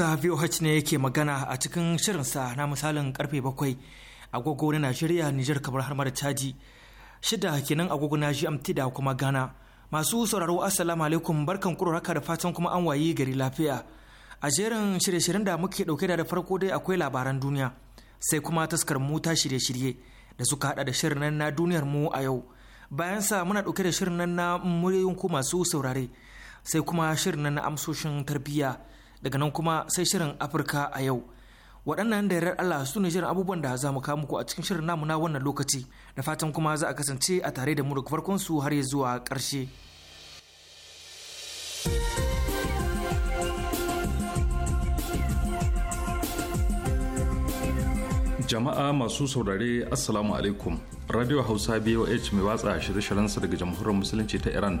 Hausa VOH ne yake magana a cikin shirinsa na misalin karfe bakwai agogo na Najeriya, Nijar kamar har mara caji. Shida kenan agogo na GMT da kuma Ghana. Masu sauraro Assalamu alaikum barkan kuro haka da fatan kuma an wayi gari lafiya. A jerin shirye-shiryen da muke dauke da farko dai akwai labaran duniya. Sai kuma taskar mu ta shirye-shirye da suka hada da shirin na duniyar mu a yau. Bayan sa muna dauke da shirin na muryoyin ku masu saurare. Sai kuma shirin na amsoshin tarbiyya daga nan kuma sai shirin afirka a yau waɗannan da yarar allah su ne shirin abubuwan da za mu kawo muku a cikin shirin namu wannan lokaci da fatan kuma za a kasance a tare da mu daga farkon su har ya zuwa ƙarshe jama'a masu saurare assalamu alaikum radio hausa boh mai watsa shirye-shiryensa daga jamhuriyar musulunci ta iran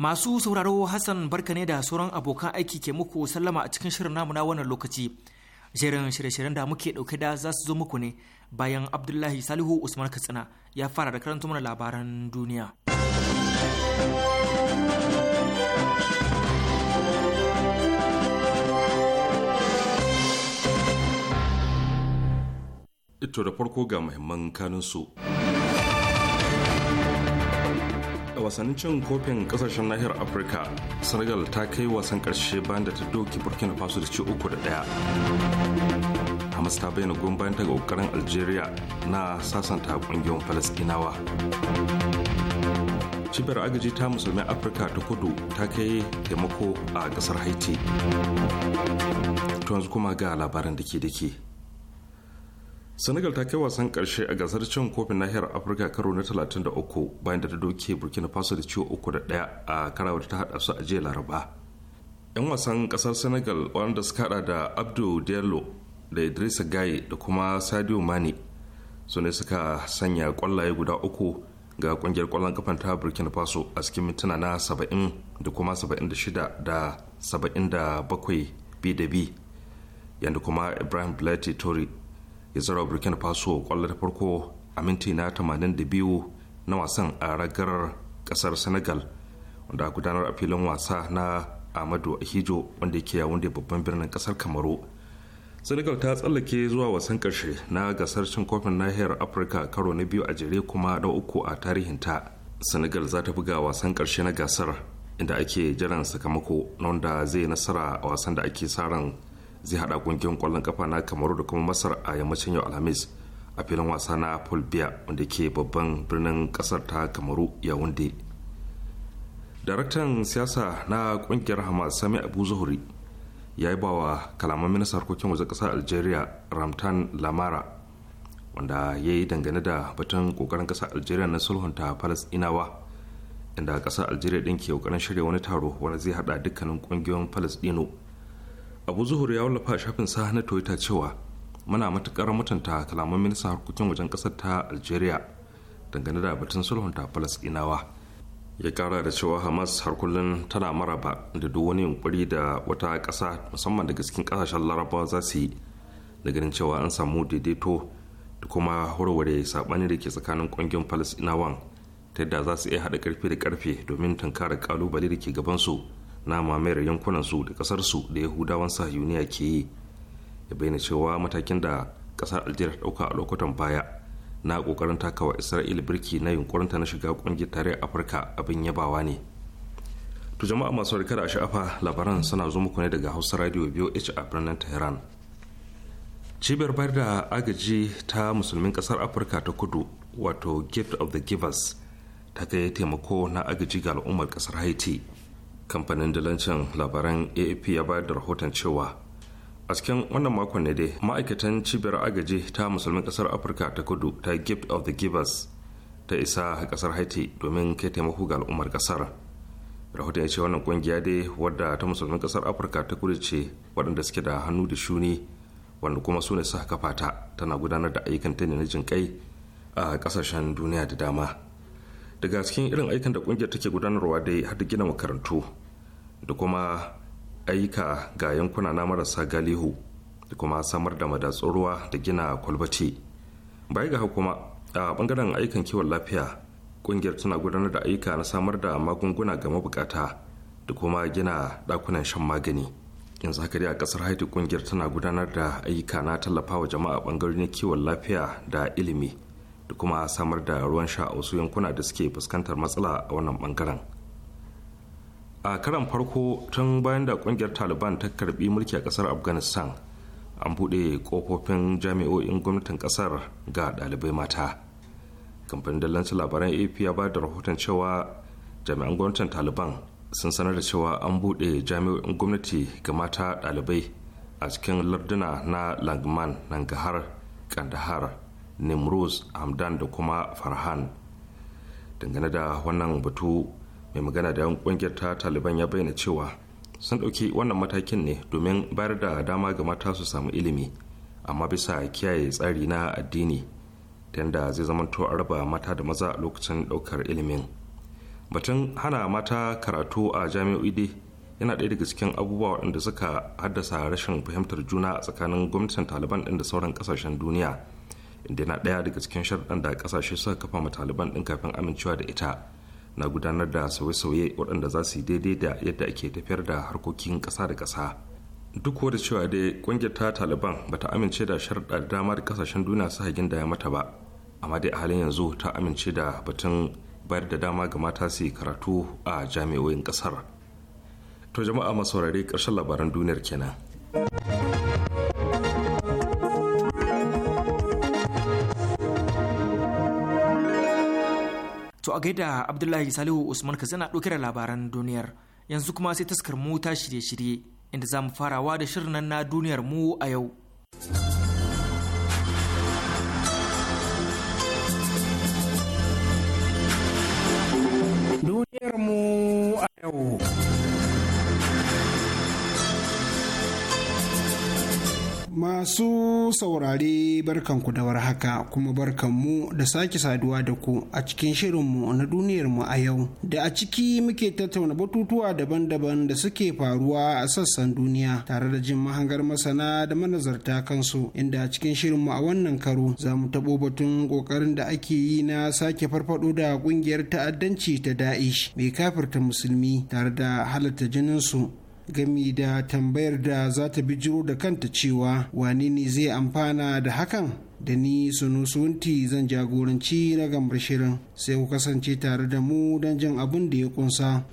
Masu sauraro Hassan barka ne da sauran abokan aiki ke muku sallama a cikin shirin namu na wannan lokaci. Jerin shirye-shiryen da muke ɗauke da za su zo muku ne bayan Abdullahi Salihu Usman Katsina ya fara da karanta mana labaran duniya. Ito da farko ga muhimman kanunsu. su. wasannin cin kofin kasashen nahiyar afirka senegal ta kai wasan karshe bayan da ta doki burkina faso da ci uku da daya hamas ta bayyana goyon bayan ta ga kokarin algeria na sasanta kungiyoyin falastinawa cibiyar agaji ta Musulmi afirka ta kudu ta kai taimako a kasar haiti to yanzu kuma ga labaran da ke da ke senegal ta kai wasan karshe a gasar cin kofin nahiyar afirka karo na 33 bayan da ta doke burkina faso da ciwo uku da daya a karawar ta hada su a jiya laraba yan wasan kasar senegal wanda suka hada da abdu diallo da idrissa gaye da kuma sadio mane su ne suka sanya kwallaye guda uku ga kungiyar kwallon kafan ta burkina faso a cikin mintuna na 70 da kuma 76 da 77 bi da bi yadda kuma ibrahim blati tori ya zara burkina faso kwallo ta farko a minti na biyu na wasan a ragar kasar senegal wanda a gudanar a filin wasa na amadu ahijo wanda ke yawon da babban birnin kasar kamaru senegal ta tsallake zuwa wasan karshe na gasar cin kofin nahiyar afirka karo na biyu a jere kuma na uku a tarihinta senegal za ta buga wasan karshe na gasar inda ake jiran sakamako na wanda zai nasara a wasan da ake sa ran zai hada kungiyar kwallon kafa na kamaru da kuma masar a yammacin yau alhamis a filin wasa na paul biya wanda ke babban birnin kasar ta kamaru yawunde daraktan siyasa na kungiyar hamas sami abu zuhuri ya yi bawa kalaman minisar harkokin waje kasar algeria ramtan lamara wanda ya yi dangane da batun kokarin kasar algeria na sulhunta palestinawa inda kasar algeria din ke kokarin shirya wani taro wanda zai hada dukkanin kungiyoyin falasdino abu zuhur ya wallafa shafin sa na twitter cewa muna matukar mutunta kalaman ministan harkokin wajen kasar ta algeria dangane da batun ta falasɗinawa ya kara da cewa hamas har kullum tana maraba da duk wani yunkuri da wata kasa musamman daga cikin kasashen larabawa za su yi da ganin cewa an samu daidaito da kuma warware saɓani da ke tsakanin ƙungiyar falasɗinawan ta yadda za su iya haɗa karfe da karfe domin tunkara kalubale da ke gabansu na mamayar yankunan su da kasar su da yahudawan sahiyuniya ke yi ya bayyana cewa matakin da kasar algeria dauka a lokutan baya na kokarin takawa isra'ila birki na yunkurinta na shiga kungiyar tarayyar afirka abin yabawa ne to jama'a masu rika da sha'afa labaran suna zo muku ne daga hausa radio h a birnin tehran cibiyar bayar da agaji ta musulmin kasar afirka ta kudu wato gift of the givers ta kai taimako na agaji ga al'ummar kasar haiti kamfanin dalancin labaran AAP ya bayar da rahoton cewa a cikin wannan makon ne dai ma'aikatan cibiyar agaji ta musulmin kasar afirka ta kudu ta gift of the givers ta isa kasar haiti domin kai taimako ga al'ummar kasar rahoton ya ce wannan kungiya dai wadda ta musulmin kasar afirka ta kudu ce waɗanda suke da hannu da shuni wanda kuma su ne su kafa ta tana gudanar da ayyukan ta ne na jin kai a kasashen duniya da dama daga cikin irin aikin da kungiyar take gudanarwa dai har da gina makarantu da kuma ayyuka ga yankuna na marasa galihu da kuma samar da madatsun ruwa da gina kwalbati bai ga kuma a bangaren ayyukan kiwon lafiya kungiyar tana gudanar da ayyuka na samar da magunguna ga mabukata da kuma gina dakunan shan magani yanzu haka dai a kasar haiti kungiyar tana gudanar da ayyuka na tallafawa jama'a bangarorin kiwon lafiya da ilimi da kuma samar da ruwan sha a wasu yankuna da suke fuskantar matsala a wannan bangaren a karan farko tun bayan da kungiyar taliban ta karbi mulki a kasar afghanistan an buɗe kofofin jami'o'in gwamnatin kasar ga ɗalibai mata kamfanin dallancin labaran ap ya ba da rahoton cewa jami'an gwamnatin taliban sun sanar da cewa an buɗe jami'o'in gwamnati ga mata ɗalibai a cikin larduna na langman nangahar kandahar nimruz hamdan da kuma farhan dangane da wannan batu mai magana da kungiyar ta taliban ya bayyana cewa sun ɗauki wannan matakin ne domin bayar da dama ga mata su samu ilimi amma bisa kiyaye tsari na addini ta yadda zai zamanto a raba mata da maza a lokacin ɗaukar ilimin batun hana mata karatu a jami'o'i dai yana ɗaya daga cikin abubuwa waɗanda suka haddasa rashin fahimtar juna a tsakanin gwamnatin taliban ɗin da sauran ƙasashen duniya inda yana ɗaya daga cikin sharɗan da ƙasashe suka kafa ma taliban ɗin kafin amincewa da ita na gudanar da sauye-sauye waɗanda za su yi daidai da yadda ake tafiyar da harkokin ƙasa da ƙasa duk da cewa dai ƙungiyar ta taliban ba ta amince da sharɗa da damar kasashen duniya su hagin da ya mata ba amma dai a halin yanzu ta amince da batun bayar da dama ga mata su yi karatu a jami'o'in ƙasar to jama'a masaurari ƙarshen labaran duniyar kenan To a gaida Abdullahi Salihu Usman ka zana ɗauke da labaran duniyar yanzu kuma sai taskar mu ta shirye-shirye inda za mu farawa da shirin nan na duniyar mu a yau. Duniyar mu a yau. Masu saurare barkanku da warhaka kuma barkanmu da sake saduwa da ku a cikin shirin mu na duniyarmu a yau da a ciki muke tattauna batutuwa daban-daban da suke faruwa a sassan duniya tare da jin mahangar masana da manazarta kansu inda a cikin mu a wannan karo za mu taɓo batun ƙoƙarin da ake yi na sake farfaɗo da ƙungiyar ta'addanci ta Da'ish mai kafirta musulmi tare da halatta su. gami da tambayar da za ta bijiro da kanta cewa wane ne zai amfana da hakan da ni sunu sunti zan jagoranci na gambar shirin sai ku kasance tare da mu don jin abin da ya kunsa.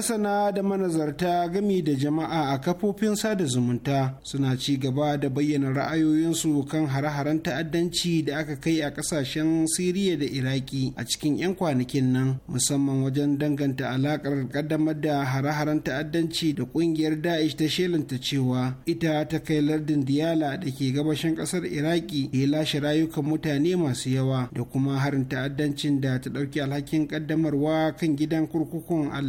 masana da manazarta gami da jama'a a kafofin sada zumunta suna ci gaba da bayyana ra'ayoyinsu kan hare-haren ta'addanci da aka kai a kasashen siriya da iraki a cikin 'yan kwanakin nan musamman wajen danganta alakar kaddamar da hare-haren ta'addanci da kungiyar da'ish ta shelanta cewa ita ta kai lardin diyala da ke gabashin kasar iraki ya lashe rayukan mutane masu yawa da kuma harin ta'addancin da ta ɗauki alhakin kaddamarwa kan gidan kurkukun al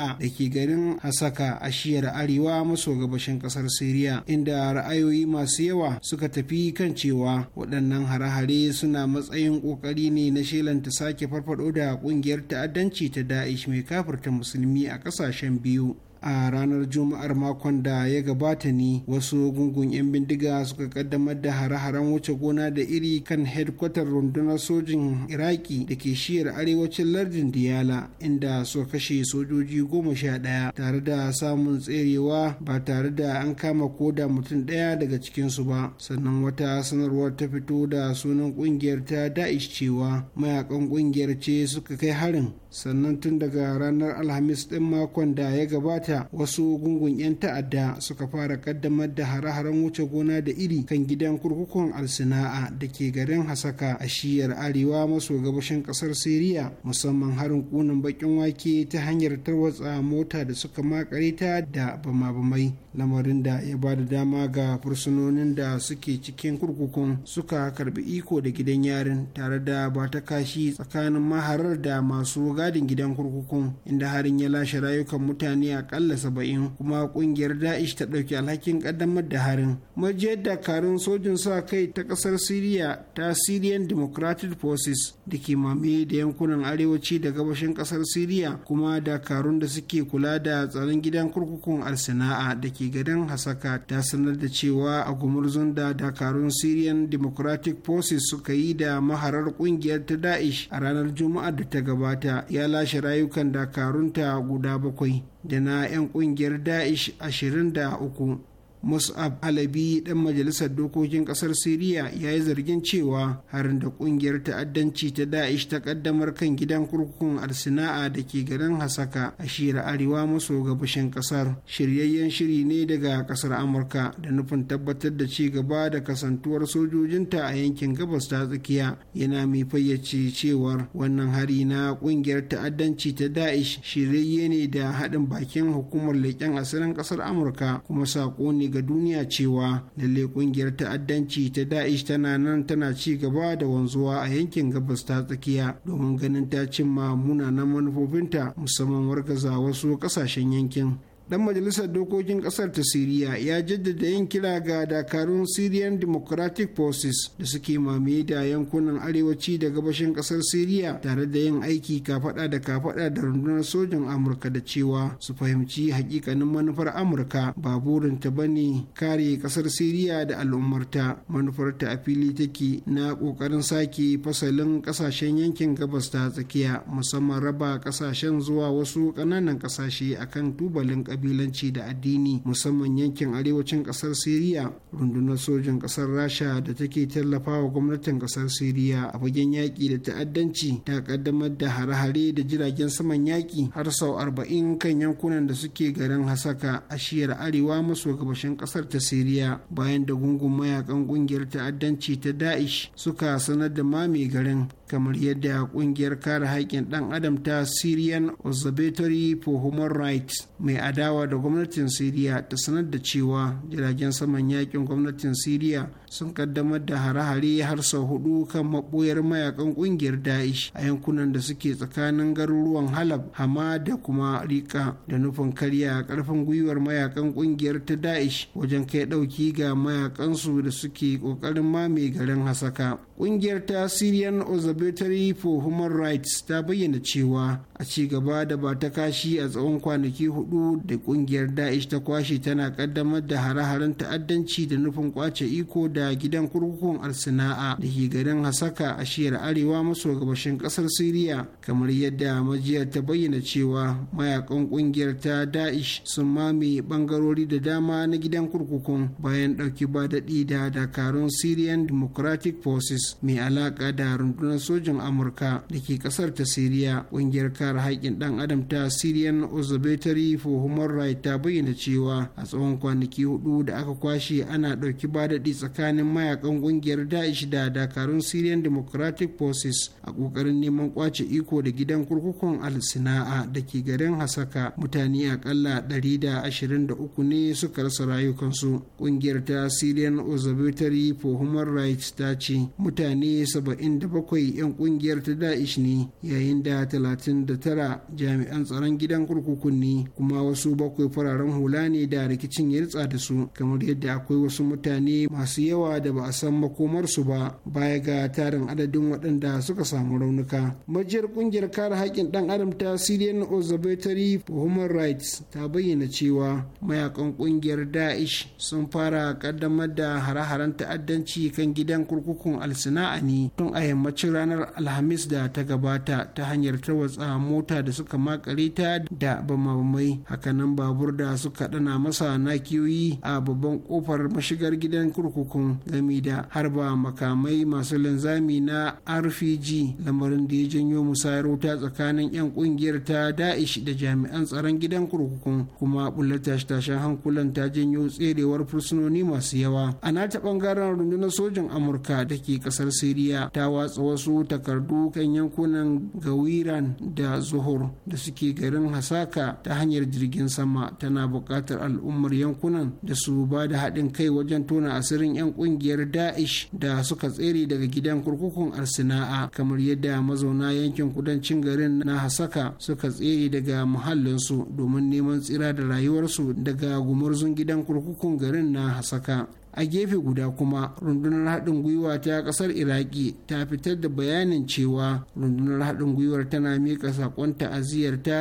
sana'a da ke garin hasaka a shiyar arewa maso gabashin kasar siriya inda ra'ayoyi masu yawa suka tafi kan cewa waɗannan hare-hare suna matsayin ƙoƙari ne na shelanta sake farfaɗo da ƙungiyar ta'addanci ta da'ish mai kafirta musulmi a ƙasashen biyu a ranar juma'ar makon da ya gabata ni, wasu gungun 'yan bindiga suka kaddamar da hare-haren wuce gona da iri kan hedkwatar rundunar sojin iraki da ke shiyar arewacin lardin diyala inda suka kashe sojoji goma sha ɗaya tare da samun tserewa ba tare da an kama ko da mutum ɗaya daga cikinsu ba sannan wata sanarwar ta fito da sunan kungiyar ta da'ish cewa mayakan kungiyar ce suka kai harin sannan tun daga ranar alhamis ɗin makon da ya gabata gabata wasu gungun 'yan ta'adda suka fara kaddamar da hare-haren wuce gona da iri kan gidan kurkukun alsina'a da ke garin hasaka a shiyar arewa maso gabashin kasar siriya musamman harin kunan bakin wake ta hanyar tarwatsa mota da suka makare ta da bama-bamai lamarin da ya ba da dama ga fursunonin da suke cikin kurkukun suka karbi iko da gidan yarin tare da ba ta kashi tsakanin maharar da masu gadin gidan kurkukun inda harin ya lashe rayukan mutane a akalla saba'in kuma kungiyar da'ish ta ɗauki alhakin ƙaddamar da harin majiyar dakarun sojin sa kai ta ƙasar siriya ta syrian democratic forces da ke mame da yankunan arewaci da gabashin ƙasar siriya kuma dakarun da suke kula da tsaron gidan kurkukun arsana'a da ke gadan hasaka ta sanar da cewa a gumurzun da dakarun syrian democratic forces suka yi da maharar kungiyar ta da'ish a ranar juma'ar da ta gabata ya lashe rayukan dakarunta guda bakwai da na 'yan kungiyar daesh 23 mus'ab alabi dan majalisar dokokin kasar siriya ya yi zargin cewa harin da kungiyar ta'addanci ta da'ish ta kaddamar kan gidan kurkukun arsina'a da ke garin hasaka a shira arewa maso gabashin kasar shiryayyen shiri ne daga kasar amurka da nufin tabbatar da ci gaba da kasantuwar sojojinta a yankin gabas ta tsakiya yana mai fayyace cewar wannan hari na kungiyar ta'addanci ta da'ish shiryayye ne da haɗin bakin hukumar leƙen asirin kasar amurka kuma saƙo ne ga duniya cewa lalle kungiyar ta'addanci ta da'ish tana nan tana ci gaba da wanzuwa a yankin gabas ta tsakiya domin ganin ta cimma munanan manufofinta musamman wargaza wasu kasashen yankin dan majalisar dokokin kasar ta siriya ya jaddada yin kira ga dakarun syrian democratic forces da suke mamaye da yankunan arewaci da gabashin kasar siriya tare da yin aiki kafada da kafada da rundunar sojin amurka da cewa su fahimci hakikanin manufar amurka ba burinta ba ne kare kasar siriya da al'ummarta manufarta a fili take na kokarin sake fasalin kasashen yankin gabas ta tsakiya musamman raba kasashen zuwa wasu ƙananan kasashe akan tubalin ƙabila kabilanci da addini musamman yankin arewacin kasar siriya rundunar sojin kasar rasha da take tallafawa gwamnatin kasar siriya a fagen yaƙi da ta'addanci ta kaddamar da hare-hare da jiragen saman yaƙi har sau arba'in kan yankunan da suke garin hasaka a shiyar arewa maso gabashin kasar ta siriya bayan da gungun mayakan kungiyar ta'addanci ta da'ish suka sanar da mame garin kamar yadda kungiyar kare haƙƙin ɗan adam ta syrian observatory for human rights mai adawa da gwamnatin syria ta sanar da cewa jiragen saman yakin gwamnatin syria sun kaddamar da hare-hare har sau hudu kan maɓoyar mayakan kungiyar daesh a yankunan da suke tsakanin garuruwan halab hama da kuma rika da nufin karya karfin gwiwar mayakan kungiyar ta daesh wajen kai ɗauki ga mayakansu da suke ƙoƙarin mame garin hasaka kungiyar ta syrian observatory observatory for human rights ta bayyana cewa a ci gaba da ba ta kashi a tsawon kwanaki hudu da kungiyar daesh ta kwashe tana kaddamar da hare-haren ta'addanci da nufin kwace iko da gidan kurkukun arsana'a da ke garin hasaka a shiyar arewa maso gabashin kasar siriya kamar yadda majiyar ta bayyana cewa mayakan kungiyar ta daesh sun mame bangarori da dama na gidan kurkukun bayan dauki ba daɗi da dakarun syrian democratic forces mai alaka da rundunar sojin amurka da ke kasar ta siriya ƙungiyar kare haƙƙin ɗan adam ta syrian observatory for human rights ta bayyana cewa a tsawon kwanaki hudu da aka kwashe ana ɗauki daɗi tsakanin mayakan ƙungiyar daesh da dakarun syrian democratic forces a ƙoƙarin neman kwace iko da gidan kurkukun al-sina'a da ke garin hasaka mutane akalla 123 ne suka rasa rayukansu ƙungiyar ta syrian observatory for human rights ta ce mutane saba'in da 77 'yan kungiyar ta da'ish ne yayin da 39 jami'an tsaron gidan kurkukun ne kuma wasu bakwai fararen hula ne da rikicin ya ritsa da su kamar yadda akwai wasu mutane masu yawa da ba a san makomarsu ba baya ga tarin adadin waɗanda suka samu raunuka majiyar kungiyar kare haƙƙin ɗan adam ta syrian observatory for human rights ta bayyana cewa mayakan kungiyar da'ish sun fara ƙaddamar da hare-haren ta'addanci kan gidan kurkukun al-sana'a ne tun a yammacin ranar alhamis da ta gabata ta hanyar tarwatsa mota da suka makare ta da bamabamai hakanan babur da suka dana masa nakiyoyi a babban kofar mashigar gidan kurkukun gami da harba makamai masu linzami na rpg lamarin da ya janyo musayar wuta tsakanin 'yan kungiyar ta da'ish da jami'an tsaron gidan kurkukun kuma bullar tashe-tashen hankulan ta janyo tserewar fursunoni masu yawa a nata bangaren rundunar sojin amurka da ke kasar siriya ta watsa wasu wasu takardu kan yankunan gawiran da zuhur da suke garin hasaka ta hanyar jirgin sama tana buƙatar al'ummar yankunan da su ba da haɗin kai wajen tona asirin 'yan ƙungiyar da'ish da suka tsere daga gidan kurkukun arsina'a kamar yadda mazauna yankin kudancin garin na hasaka suka tsere daga muhallinsu domin neman tsira da rayuwarsu daga gumurzun gidan kurkukun garin na hasaka a gefe guda kuma rundunar haɗin gwiwa ta ƙasar iraki ta fitar da bayanin cewa rundunar haɗin gwiwar tana miƙa saƙon ta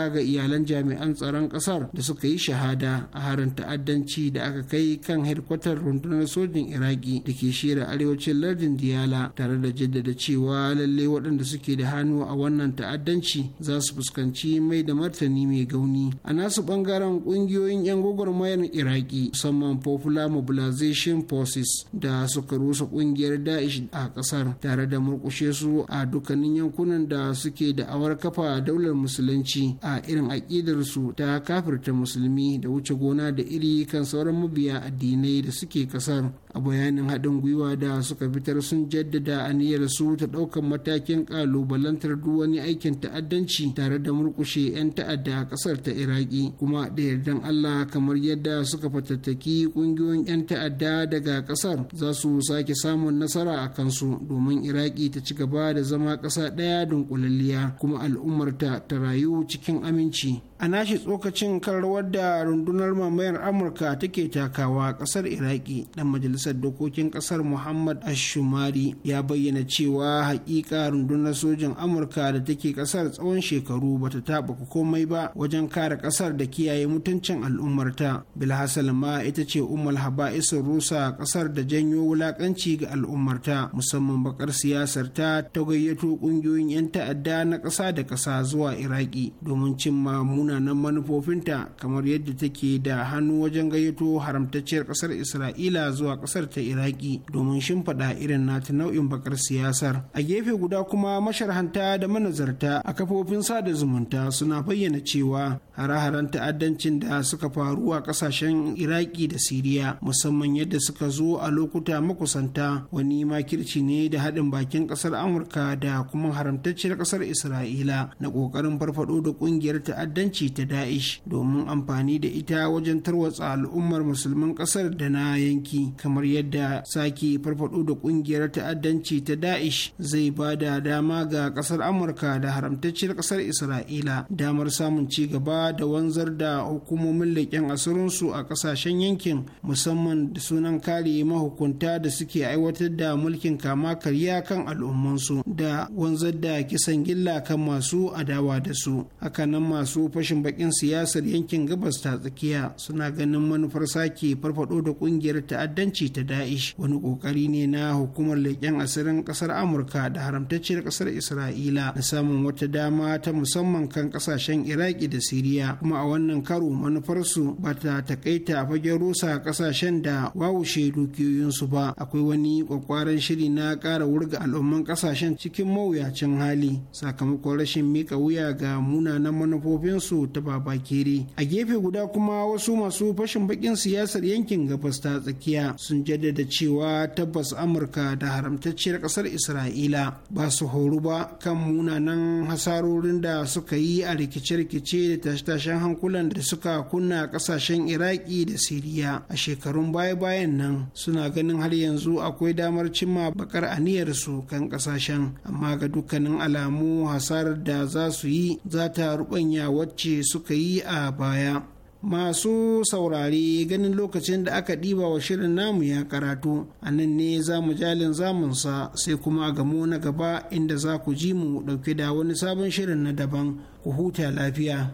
ga iyalan jami'an tsaron ƙasar da suka yi shahada a harin ta'addanci da aka kai kan hedkwatar rundunar sojin iraki da ke shira arewacin lardin diyala tare da jaddada cewa lalle waɗanda suke da hannu a wannan ta'addanci za su fuskanci mai da martani mai gauni a nasu ɓangaren ƙungiyoyin 'yan gwagwarmayar iraki musamman popular mobilization forces da suka rusa kungiyar daesh a kasar tare da murkushe su a dukkanin yankunan da suke da awar kafa daular musulunci a irin aƙidar su ta kafirta musulmi da wuce gona da iri kan sauran mabiya addinai da suke kasar a bayanin haɗin gwiwa da suka fitar sun jaddada aniyarsu ta ɗaukar matakin ƙalubalantar duk wani aikin ta'addanci tare da murƙushe 'yan ta'adda a ƙasar ta iraki kuma da yardan allah kamar yadda suka fatattaki ƙungiyoyin 'yan ta'adda daga ƙasar za su sake samun nasara a kansu domin iraki ta ci gaba da zama ƙasa ɗaya dunkulalliya kuma al'ummarta ta rayu cikin aminci a nashi tsokacin kan rawar da rundunar mamayar amurka take takawa kasar iraki dan majalisar dokokin kasar muhammad ashumari ya bayyana cewa hakika rundunar sojin amurka da take kasar tsawon shekaru bata taɓa komai ba wajen kare kasar da kiyaye mutuncin al'ummarta bilhassan ma ita ce umar haba'isin rusa kasar da janyo wulakanci ga al'ummarta musamman bakar siyasar ta ta gayyato kungiyoyin 'yan ta'adda na ƙasa da ƙasa zuwa iraki domin cimma munanan manufofinta kamar yadda take da hannu wajen gayyato haramtacciyar kasar isra'ila zuwa kasar ta iraki domin shimfiɗa irin nata nau'in bakar siyasar a gefe guda kuma masharhanta da manazarta a kafofin sada zumunta suna bayyana cewa hare-haren ta'addancin da suka faru a kasashen iraki da siriya musamman yadda suka zo a lokuta makusanta wani makirci ne da haɗin bakin kasar amurka da kuma haramtacciyar kasar isra'ila na ƙoƙarin farfaɗo da ƙungiyar ta'addanci ce ta da'ish domin amfani da ita wajen tarwatsa al'ummar musulman kasar da na yanki kamar yadda sake farfado da kungiyar ta'addanci ta da'ish zai ba da dama ga kasar amurka da haramtacciyar kasar isra'ila damar samun ci gaba da wanzar da hukumomin leƙen asirinsu a kasashen yankin musamman da sunan kare mahukunta da suke aiwatar da mulkin kama karya kan al'ummansu da wanzar da kisan gilla kan masu adawa da su hakanan masu fashe fashin bakin siyasar yankin gabas ta tsakiya suna ganin manufar sake farfado da kungiyar ta'addanci ta da'ish wani kokari ne na hukumar leƙen asirin kasar amurka da haramtacciyar kasar isra'ila na samun wata dama ta musamman kan kasashen iraki da siriya kuma a wannan karo manufarsu ba ta takaita fagen rusa kasashen da wawushe dukiyoyinsu ba akwai wani kwakwaran shiri na ƙara wurga al'umman kasashen cikin mawuyacin hali sakamakon rashin mika wuya ga munanan manufofinsu ta babakere a gefe guda kuma wasu masu fashin bakin siyasar yankin gabas ta tsakiya sun jaddada cewa tabbas amurka da haramtacciyar kasar isra'ila ba su horu ba kan munanan hasarorin da suka yi a rikice-rikice da tashe-tashen hankulan da suka kunna kasashen iraki da siriya a shekarun baya-bayan nan suna ganin har yanzu akwai damar cimma bakar su kan kasashen amma ga dukkanin alamu hasarar da za su yi za ta rubanya wacce ce suka yi a baya masu saurari ganin lokacin da aka ɗiba wa shirin namu ya karatu a nan ne za mu jalin zamunsa sai kuma a gamo na gaba inda za ku ji mu ɗauke da wani sabon shirin na daban ku huta lafiya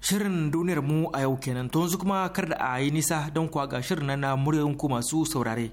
shirin duniyar mu a yau kenan to yanzu kuma kar da a yi nisa don kwa ga shirin na muryoyinku masu saurare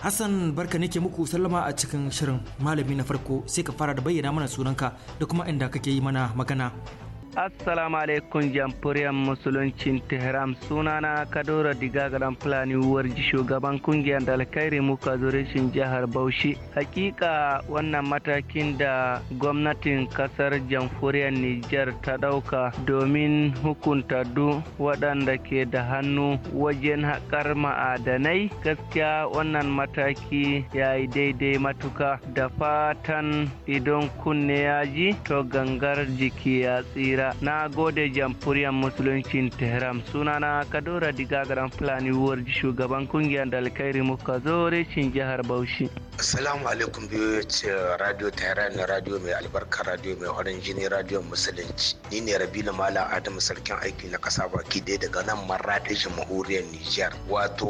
Hassan barka nake muku sallama a cikin shirin malami na farko sai ka fara da bayyana mana sunanka da kuma inda kake yi mana magana. Assalamu alaikum jamhuriyar musuluncin Tehran sunana Kadura Diga garan Fulani Warji shugaban kungiyar Dalkairi muka zurishin jihar Bauchi. Hakika wannan matakin da gwamnatin kasar jamhuriyar Niger ta dauka domin hukunta du waɗanda ke da hannu wajen haƙar ma'adanai gaskiya wannan mataki ya yi daidai matuka da fatan idon kunne ya ji to gangar jiki ya tsira. na gode jamhuriyar musuluncin tehran sunana kadora diga garan fulani warji shugaban kungiyar dalkairi muka zo reshin jihar bauchi assalamu alaikum biyu radio tehran radio mai albarka radio mai horon jini radio musulunci ni ne rabilu malam adamu sarkin aiki na kasa baki da daga nan maraɗin jamhuriyar niger wato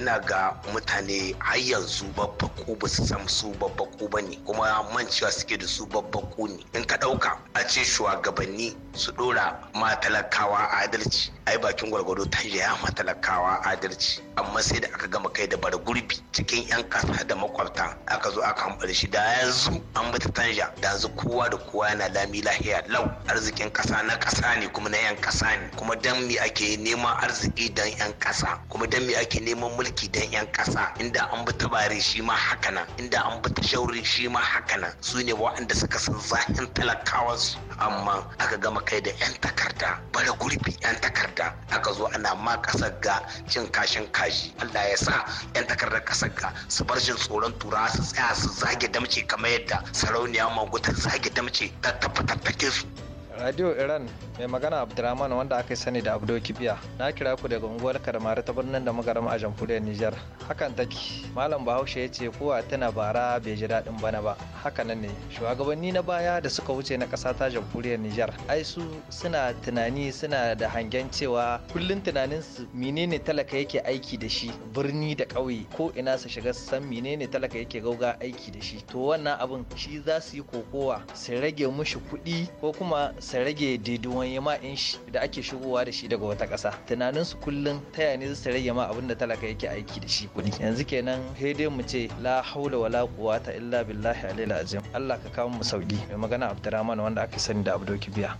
ina ga mutane har yanzu babbaku ba su san su ba ne kuma mancewa suke da su babbaku ne in ka ɗauka a ce shugabanni su dora ma talakawa adalci ai bakin gwargwado ta ya ma talakawa adalci amma sai da aka gama kai da bar gurbi cikin yan kasa da makwabta aka zo aka hambar shi da yanzu an bata tanja da yanzu kowa da kowa yana lami lahiya lau arzikin kasa na kasa ne kuma na yan kasa ne kuma dan me ake neman arziki dan yan kasa kuma dan me ake neman mulki dan yan kasa inda an bi bare shi ma haka nan inda an bi shauri shi ma haka nan su ne waɗanda suka san zahin su amma aka gama kai da 'yan takarda bara gurbi 'yan takarda aka zo ana ma kasar ga cin kashin kashi allah ya sa 'yan takardar kasar ga su bar jin tsoron turawa su tsaya su zage damce kamar yadda sarauniya magu ta zage damce ta tabbatar su Radio Iran mai magana abdulrahman wanda aka sani da Abdo Kibiya. Na kira ku daga unguwar Karmari ta birnin da magaram a jamhuriyar Nijar. Hakan take. Malam Bahaushe ya ce kowa tana bara bai ji daɗin bana ba. Hakanan ne. Shugabanni na baya da suka wuce na ƙasa ta jamhuriyar Nijar. Ai su suna tunani suna da hangen cewa kullum tunanin su menene talaka yake aiki da shi birni da ƙauye ko ina su shiga san menene talaka yake gauga aiki da shi. To wannan abin shi za su yi kokowa su rage mushi kuɗi ko kuma su rage daidaiwan yama da ake shigowa da shi daga wata ƙasa tunanin su kullum ta yane su rage ma abin da talaka yake aiki da shi kuɗi yanzu kenan dai mu ce la haula wala quwata illa billahi alil azim Allah ka kawo mu sauki mai magana Abdurrahman wanda aka sani da Abdul Kibiya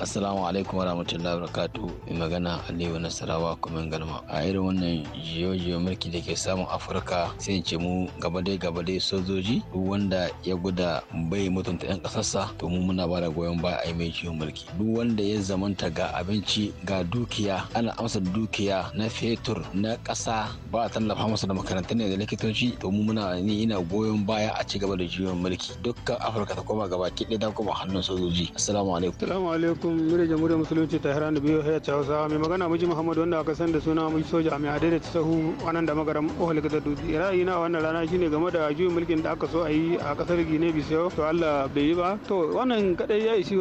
Assalamu alaikum wa rahmatullahi wa barakatu mai magana Aliyu Nasarawa kuma galma. A irin wannan jiyo-jiyo mulki da ke samun Afirka sai ce mu gaba dai gaba dai sojoji duk wanda ya guda bai mutunta ƴan kasarsa to mu muna ba da goyon baya a yi mai jiyo mulki. Duk wanda ya zamanta ga abinci ga dukiya ana amsa dukiya na fetur na ƙasa ba a tallafa masa da makarantar ne da likitoci to mu muna ni ina goyon baya a ci gaba da jiyo mulki. Dukkan Afirka ta koma gaba ki ɗaya ta koma hannun sojoji. Assalamu Assalamu alaikum. alaikum mure jamhuriyar musulunci ta hira da biyu hayar hausa mai magana miji muhammad wanda aka san da suna mai soja mai adai da sahu anan da magaram ohal gada dutse ra'ayi na wannan rana shine game da juyin mulkin da aka so a yi a kasar gine bisau to allah bai yi ba to wannan kadai ya isi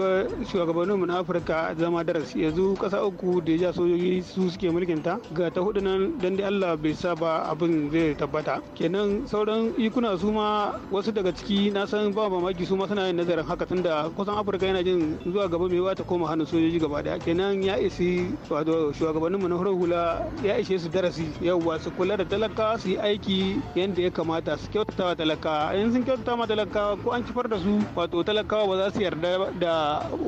shugabannin mu na afirka zama darasi yanzu kasa uku da ya sojoji su suke mulkin ta ga ta hudu nan dan dai allah bai sa ba abin zai tabbata kenan sauran ikuna su ma wasu daga ciki na san ba mamaki su ma suna yin nazarin haka tunda kusan afirka yana jin zuwa gaba mai wata ko mu hannun sojoji gaba daya kenan ya isi wato shugabanninmu na hular hula ya ishe su darasi yauwa su kula da talaka su yi aiki yadda ya kamata su kyautata wa talaka in sun kyautata ma talaka ko an kifar da su wato talakawa ba za su yarda da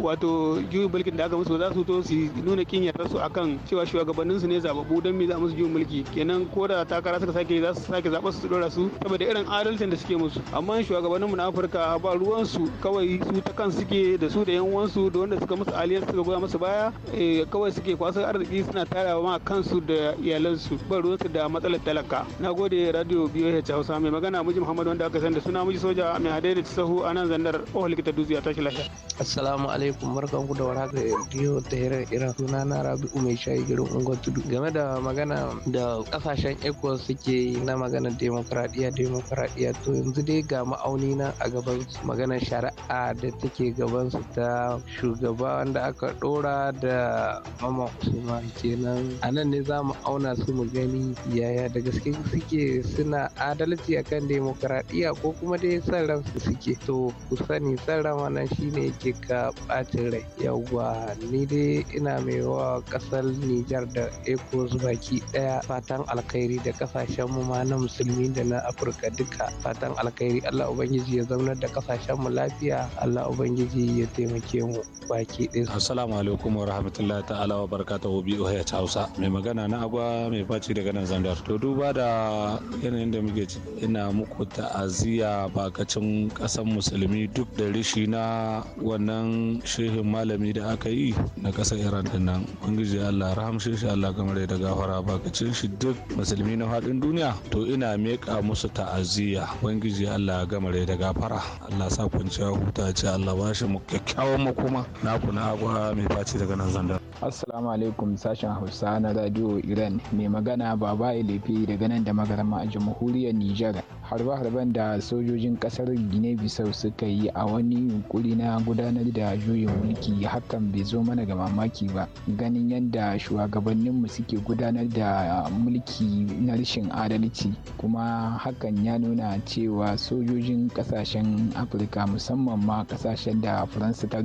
wato juyin mulkin da aka musu ba za su to su nuna kin yarda su akan cewa shugabannin su ne zababu don me za musu juyin mulki kenan ko da takara suka sake za su sake zaɓa su su dora su saboda irin adalcin da suke musu amma shugabanninmu na Afirka ba ruwan su kawai su ta kan suke da su da yan uwansu da wanda suka musu aliyar suka goya musu baya eh, kawai suke kwasar arziki suna tara ma kansu da iyalansu ba ruwansu da matsalar talaka na gode radio ya hausa mai magana miji muhammad wanda aka san da suna miji soja mai hadaida sahu a nan zandar ohal kita dutse a tashi lafiya assalamu alaikum barkan ku da waraka radio ta hirar iran suna na rabi'u mai shayi garin unguwar tudu game da magana da kasashen ecuador suke na magana demokradiyya demokradiyya to yanzu dai ga ma'auni na a gaban maganar shari'a da take su ta shugaba wanda aka ɗora da Mama Usman kenan. A nan ne za mu auna su mu gani yaya da gaske suke suna adalci akan demokaradiyya ko kuma dai son ransu suke. To ku sani son ran wannan shine yake ka ɓacin rai. Yawwa ni dai ina mai wa ƙasar Nijar da Ecos baki ɗaya fatan alkhairi da kasashen mu ma na musulmi da na Afirka duka fatan alkhairi Allah Ubangiji ya zaunar da kasashen mu lafiya Allah Ubangiji ya taimake mu baki ɗin assalamu alaikum wa rahmatullahi ta'ala wa barakatuhu bi ohiyat hausa mai magana na agwa mai baci daga nan zandar to duba da yanayin da muke ci ina muku ta'aziyya bakacin ƙasan musulmi duk da rishi na wannan shehin malami da aka yi na ƙasar iran din nan ubangiji allah rahamshe shi allah kamar da gafara bakacin shi duk musulmi na faɗin duniya to ina meka musu ta'aziyya ubangiji allah gamare da gafara allah sa kwanciya huta ce allah ba shi kyakkyawan makoma na kuna na agwa mai face daga nan zanda assalamu alaikum sashen hausa na radio iran mai magana ba baba ilefi daga nan da magarama a jamhuriyar niger harbe-harben da sojojin kasar guinea bissau suka yi a wani yunkuri na gudanar da juyin mulki hakan bai zo mana ga mamaki ba ganin yadda shugabanninmu suke gudanar da mulki na rashin adalci kuma hakan ya nuna cewa sojojin kasashen afirka musamman ma kasashen da faransa ta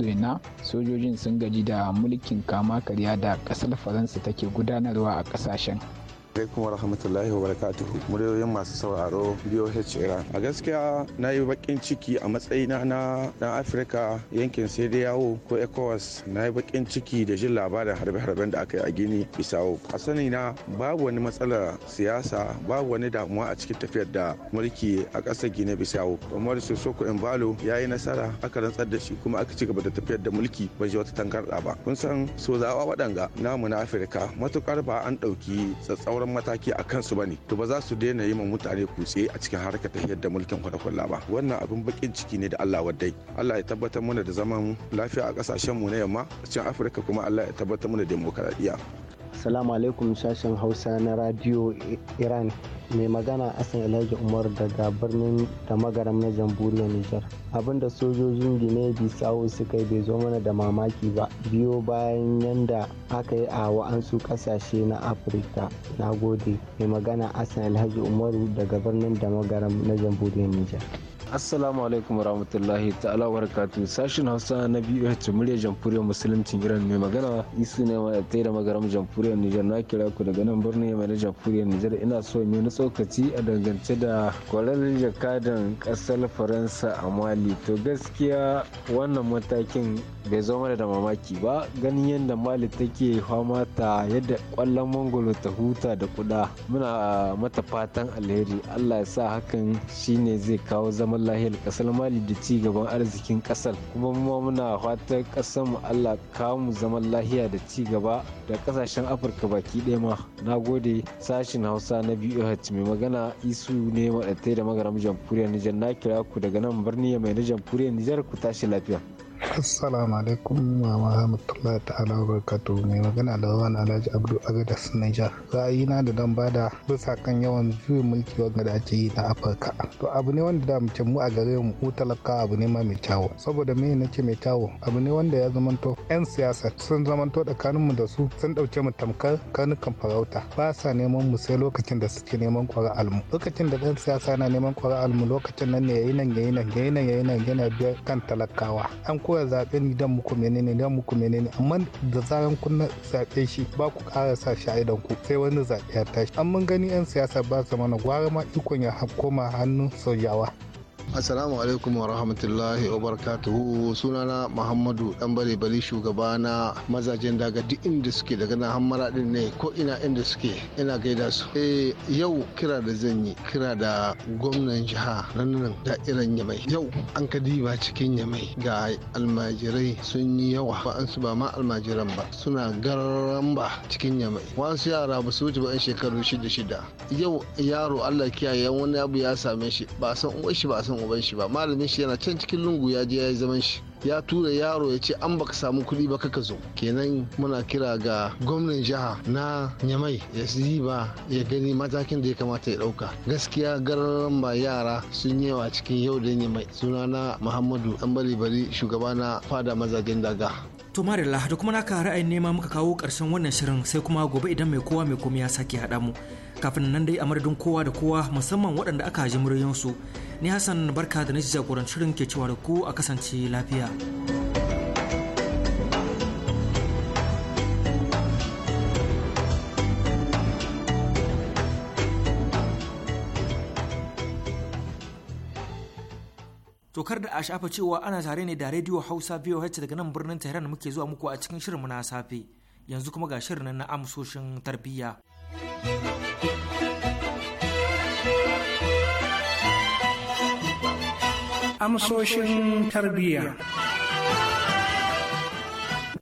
sojojin sojojin sun gaji da mulkin kama karya da ƙasar faransa take gudanarwa a ƙasashen. alaikum wa rahmatullahi wa barakatuhu muryoyin masu sauraro BOH Iran a gaskiya na yi bakin ciki a matsayina na dan Afirka yankin sai dai yawo ko ECOWAS na yi bakin ciki da jin labarin harbe-harben da aka yi a Gini Bisau a sani na babu wani matsalar siyasa babu wani damuwa a cikin tafiyar da mulki a ƙasar Gini Bisau Umar in balo ya yi nasara aka rantsar da shi kuma aka ci gaba da tafiyar da mulki bai ji wata tangarɗa ba kun san sozawa waɗanga namu na Afirka matuƙar ba an ɗauki tsatsauran sauran mataki a kansu ba ne to ba za su daina yi ma mutane kutse a cikin harkar tafiyar da mulkin kwadakwalla ba wannan abin bakin ciki ne da Allah wadai Allah ya tabbatar mana da zaman lafiya a kasashen mu na yamma cikin Afirka kuma Allah ya tabbatar mana da Assalamu alaikum sashen Hausa na Radio Iran. Mai magana Asan Alhaji Umar daga birnin da magaram na jamhuriyar Nijar. Abinda sojojin Gine Bisau suka yi bai zo mana da mamaki ba biyo bayan yanda aka yi a wa'ansu kasashe na Afirka. Na gode. Mai magana Asan Alhaji Umaru daga birnin da magaram na jamhuriyar Nijar. assalamu alaikum warahmatullahi ta'ala barakatu sashin hausa na biyu wacce murya jamhuriyar musulunci iran mai magana isu ne ma ta da magaram jamhuriyar nijar na kira ku daga nan birnin mai na jamhuriyar nijar ina so yi na tsokaci a dangance da kwarar jakadan kasar faransa a mali to gaskiya wannan matakin bai zo mana da mamaki ba ganin yadda mali take fama ta yadda kwallon mangolo ta huta da kuda muna mata fatan alheri allah ya sa hakan shine zai kawo zama zaman lahiyar kasar mali da ci gaban arzikin kasar kuma mu muna fatan kasar mu allah kamu zaman lahiya da ci gaba da kasashen afirka baki ɗaya ma na gode sashen hausa na boh mai magana isu ne maɗatai da magaram jamhuriyar nijar na kira ku daga nan birni mai na jamhuriyar nijar ku tashi lafiya Assalamu alaikum mama Hamdulillah ta'ala wa barakatu mai magana da wani Alhaji Abdu Agadas Ra'ayi na da dan bada bisa kan yawan juyin mulki wanda da ake yi na Afirka. To abu ne wanda da mu mu a gare mu mu talaka abu ne ma mai kyawu. Saboda me ce mai kyawu abu ne wanda ya zamanto yan siyasa sun zamanto tsakanin mu da su sun dauke mu tamkar karnukan farauta. Ba sa neman mu sai lokacin da suke neman kwara almu. Lokacin da ɗan siyasa na neman kwara almu lokacin nan ne yayi nan yayi nan yayi nan yayi nan yana biyar kan talakawa. An koya zaɓe ni dan muku menene dan muku menene amma da zaran kun zaɓe shi ba ku ƙara sa sha'idan ku sai wani zaɓe ya tashi an mun gani 'yan siyasa ba su mana gwara ma ikon ya koma hannun sojawa Asalamu alaikum wa rahmatullahi wa barakatuhu sunana Muhammadu dan bale bali shugaba na mazajen daga duk inda suke daga na hammara din ne ko ina inda suke ina gaida su. Eh yau kira da zan yi kira da gwamnan jiha nan irin Yamai. Yau an ka diba cikin Yamai ga almajirai sun yi yawa ba an su ba ma almajiran ba suna garamba cikin Yamai. Wasu yara ba su wuce ba shekaru shida shida. Yau yaro Allah kiyaye wani abu ya same shi ba san uwar shi ba san samun uban shi ba malamin shi yana can cikin lungu ya je ya yi zaman shi ya tura yaro ya ce an baka samu kuɗi ba kaka zo kenan muna kira ga gwamnan jiha na nyamai ya yi ba ya gani matakin da ya kamata ya ɗauka gaskiya gararan ba yara sun yawa cikin yau da nyamai na muhammadu dan bari bari shugaba na fada mazajen daga to marilla da kuma naka ra'ayin nema muka kawo ƙarshen wannan shirin sai kuma gobe idan mai kowa mai komai ya sake haɗa mu kafin nan dai a madadin kowa da kowa musamman waɗanda aka haji muryoyinsu ni hassan barka da na shirin ke cewa da ku a kasance lafiya tokar da a shafa cewa ana tare ne da rediyo hausa biyu daga nan birnin tehran muke zuwa muku a cikin shirin na safe yanzu kuma ga shirin na amsoshin tarbiyya Amsoshin tarbiyya.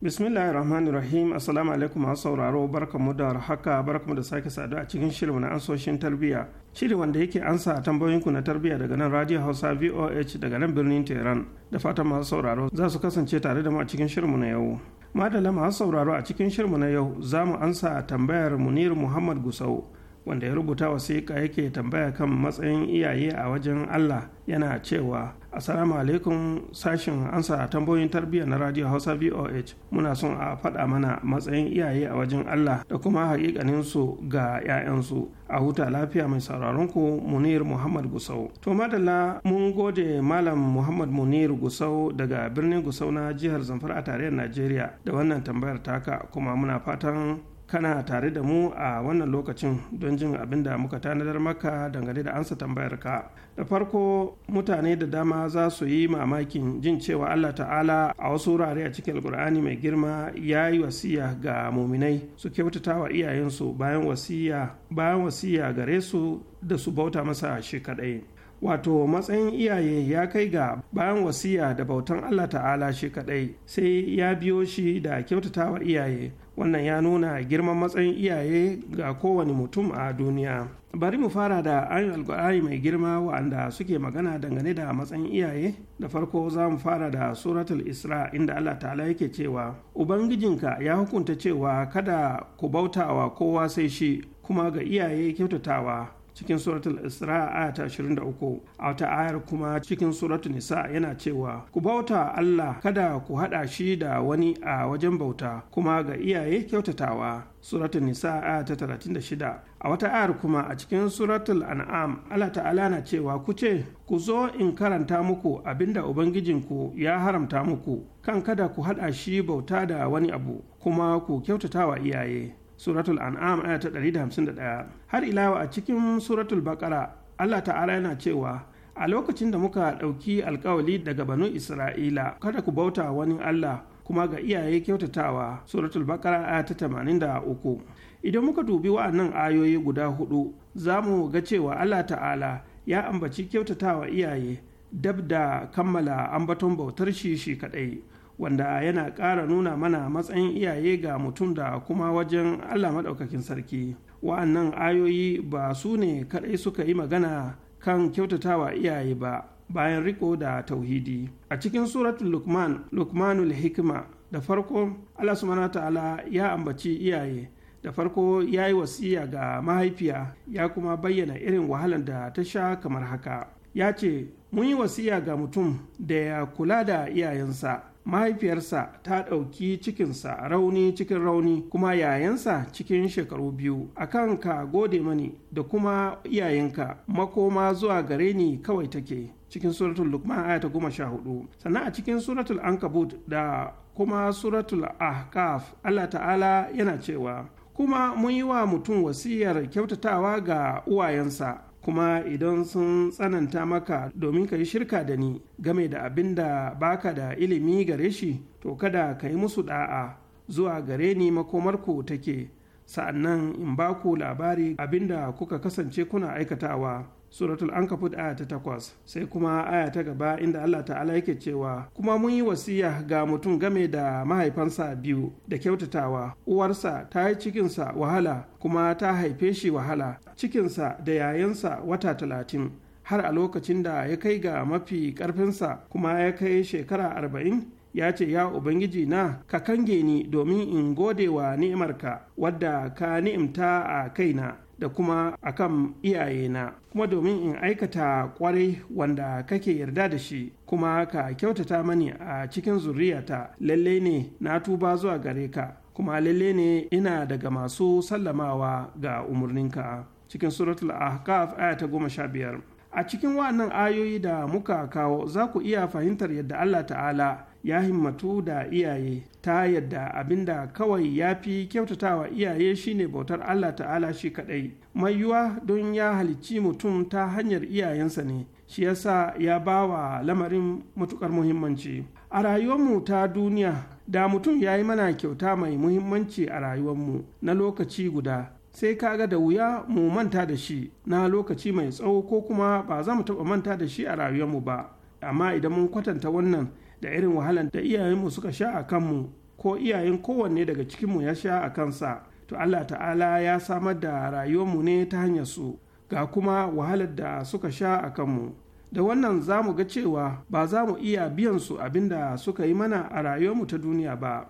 bismillahir rahmanir rahim assalamu alaikum masu sauraro barkamu da haka barkamu da sake saduwa a cikin shirin na ansoshin tarbiyya shiri wanda yake ansa a tambayoyinku na tarbiyya daga nan radio hausa voh daga nan birnin tehran da fatan masu sauraro za su kasance tare da mu a cikin shirinmu na yau madalla masu sauraro a cikin shirmu na yau za mu ansa a tambayar munir muhammad gusau wanda ya rubuta wasiƙa yake tambaya kan matsayin iyaye a wajen allah yana cewa Assalamu alaikum sashin ansa tambayoyin tarbiyya na Radio Hausa VOH muna son a faɗa mana matsayin iyaye a wajen Allah da kuma haƙiƙanin su ga 'ya'yansu a huta lafiya mai sauraron ku Munir Muhammad Gusau. To madalla mun gode Malam Muhammad Munir Gusau daga birnin Gusau na jihar Zamfara a tarayyar Najeriya da wannan tambayar taka kuma muna fatan kana tare da mu a wannan lokacin don jin abin da muka tanadar maka dangane da ansa tambayarka da farko mutane da dama za su yi mamakin jin cewa allah ta'ala a wasu wurare a cikin alkur'ani mai girma ya yi wasiya ga muminai su kyautata wa iyayensu bayan wasiya bayan wasiya gare su da su bauta masa shi kaɗai. wato matsayin iyaye ya kai ga bayan wasiya da bautan allah ta'ala shi kaɗai, sai ya biyo shi da kyautatawa iyaye wannan ya nuna girman matsayin iyaye ga kowane mutum a duniya bari mu fara da an alkur'ani mai girma wa'anda suke magana dangane da matsayin iyaye da farko za mu fara da suratul isra inda allah ta'ala yake cewa ubangijinka ya hukunta cewa kada ku bautawa kowa sai shi kuma ga iyaye kyautatawa cikin suratul isra aya ta 23 a wata ayar kuma cikin suratul nisa yana cewa ku bauta Allah kada ku hada shi da wani a wajen bauta kuma ga iyaye kyautatawa suratul nisa aya ta 36 a wata ayar kuma a cikin suratul an'am Allah ta'ala na cewa ku ce ku zo in karanta muku abinda ubangijinku ya haramta muku kan kada ku hada shi bauta da wani abu kuma ku kyautatawa iyaye suratul an'am aya ta 151 har ilawa a cikin suratul bakara allah ta'ala yana cewa a lokacin da muka ɗauki alkawali daga banu isra'ila kada ku bauta wani allah kuma ga iyaye kyautatawa suratul bakara aya ta 83 idan muka dubi wa'annan ayoyi guda hudu za mu ga cewa allah ta'ala ya ambaci kyautatawa iyaye dab da kammala ambaton bautar shi shi kadai wanda yana ƙara nuna mana matsayin iyaye ga mutum da kuma wajen allah maɗaukakin sarki wa'annan ayoyi ba su ne kaɗai suka yi magana kan kyautatawa iyaye ba bayan riko da tauhidi a cikin suratul lukman lukmanul hikima da farko allah subhanahu ta'ala ya ambaci iyaye da farko ya yi wasiya ga mahaifiya ya kuma bayyana irin wahalar da ta sha kamar haka ya ce mun yi wasiya ga mutum da ya kula da iyayensa mahaifiyarsa ta ɗauki cikinsa rauni cikin rauni kuma yayansa cikin shekaru biyu A kan ka gode mani da kuma iyayenka makoma zuwa gare ni kawai take cikin suratul lukman aya ta goma sha hudu sannan a cikin suratul ankabut da kuma suratul ahkaf allah ta'ala yana cewa kuma mun yi wa mutum wasiyar kyautatawa ga uwayensa kuma idan sun tsananta maka domin ka yi shirka da ni game da abin da baka da ilimi gare shi to kada ka yi musu da'a zuwa gare ni makomarku take sa'annan in ba ku labari abin da kuka kasance kuna aikatawa suratul ankafut aya ta takwas sai kuma aya ta gaba inda allah ta'ala yake cewa kuma mun yi wasiya ga mutum game da mahaifansa biyu da kyautatawa uwarsa ta yi cikinsa wahala kuma ta haife shi wahala cikinsa da yayansa wata talatin har a lokacin da ya kai ga mafi karfinsa kuma ya kai shekara arba'in ya ce ya ubangiji na ka kange ni domin in gode wa ni'imarka wadda ka ni'imta a kaina da kuma a akan iyayena kuma domin in aikata kwarai wanda kake yarda da shi kuma ka kyautata mani a cikin zuriyata lalle ne na tuba zuwa gare ka kuma lalle ne ina daga masu sallamawa ga umarninka cikin suratul ahqaf ayata ta goma sha biyar a cikin wannan ayoyi da muka kawo za ku iya fahimtar yadda allah ta'ala ya himmatu da iyaye ta yadda abinda kawai ya fi kyautatawa iyaye shine bautar Allah ta'ala shi kadai mai yiwuwa don ya halicci mutum ta hanyar iyayensa ne shi yasa ya bawa lamarin matukar muhimmanci a rayuwarmu ta duniya da mutum ya yi mana kyauta mai muhimmanci a rayuwarmu na lokaci guda sai ka ga da wuya mu manta da shi na lokaci mai tsawo ko kuma ba za mu taɓa manta da shi a rayuwarmu ba amma idan mun kwatanta wannan da irin wahalar da iyayenmu suka sha a kanmu ko iyayen kowanne daga cikinmu ya sha a kansa to Allah ta'ala ya samar da rayuwarmu ne ta hanyar su ga kuma wahalar da suka sha a kanmu da wannan za mu ga cewa ba za mu iya biyan su abinda suka yi mana a rayuwarmu ta duniya ba.